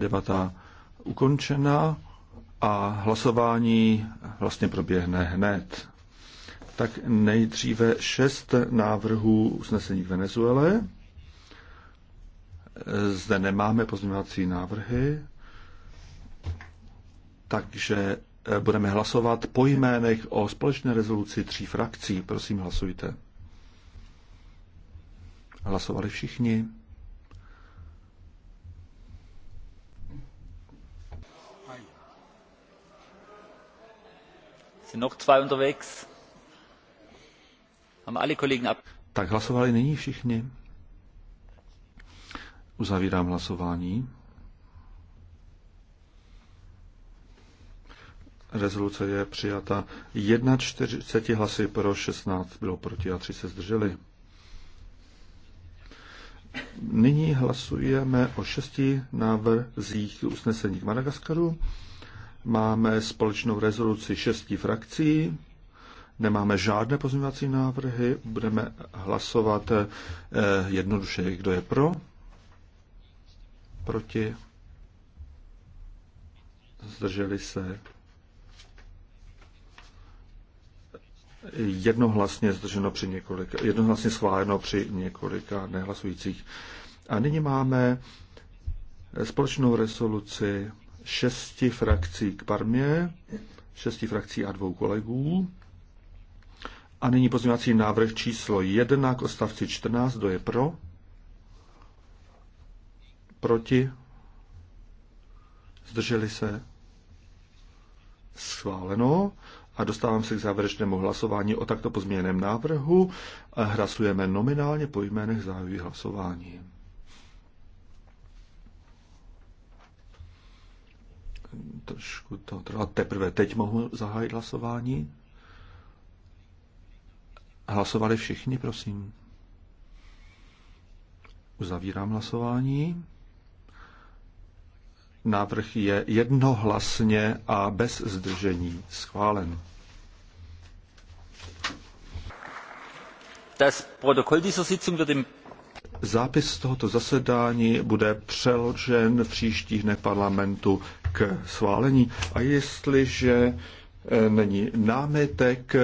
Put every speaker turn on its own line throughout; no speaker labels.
debata ukončena a hlasování vlastně proběhne hned. Tak nejdříve šest návrhů usnesení k Venezuele. Zde nemáme pozměňovací návrhy, takže budeme hlasovat po jménech o společné rezoluci tří frakcí. Prosím, hlasujte. Hlasovali všichni. Tak hlasovali nyní všichni. Uzavírám hlasování. Rezoluce je přijata 41 hlasy pro, 16 bylo proti a 3 se zdrželi. Nyní hlasujeme o šesti návrzích usnesení k Madagaskaru. Máme společnou rezoluci šesti frakcí, nemáme žádné pozměňovací návrhy, budeme hlasovat eh, jednoduše, kdo je pro, proti, zdrželi se, jednohlasně zdrženo při několika, jednohlasně schváleno při několika nehlasujících. A nyní máme společnou resoluci šesti frakcí k Parmě, šesti frakcí a dvou kolegů. A nyní pozměňovací návrh číslo 1 k odstavci 14. Kdo je pro? Proti? Zdrželi se? Schváleno. A dostávám se k závěrečnému hlasování o takto pozměněném návrhu. Hlasujeme nominálně po jménech zájmy hlasování. trošku to trvá. Teprve teď mohu zahájit hlasování. Hlasovali všichni, prosím. Uzavírám hlasování. Návrh je jednohlasně a bez zdržení schválen. Das Protokoll dieser Sitzung wird im Zápis tohoto zasedání bude přeložen v příštích dnech parlamentu k schválení a jestliže e, není námitek,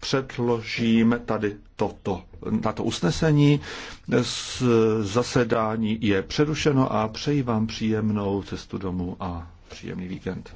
předložím tady toto, na to usnesení. Zasedání je přerušeno a přeji vám příjemnou cestu domů a příjemný víkend.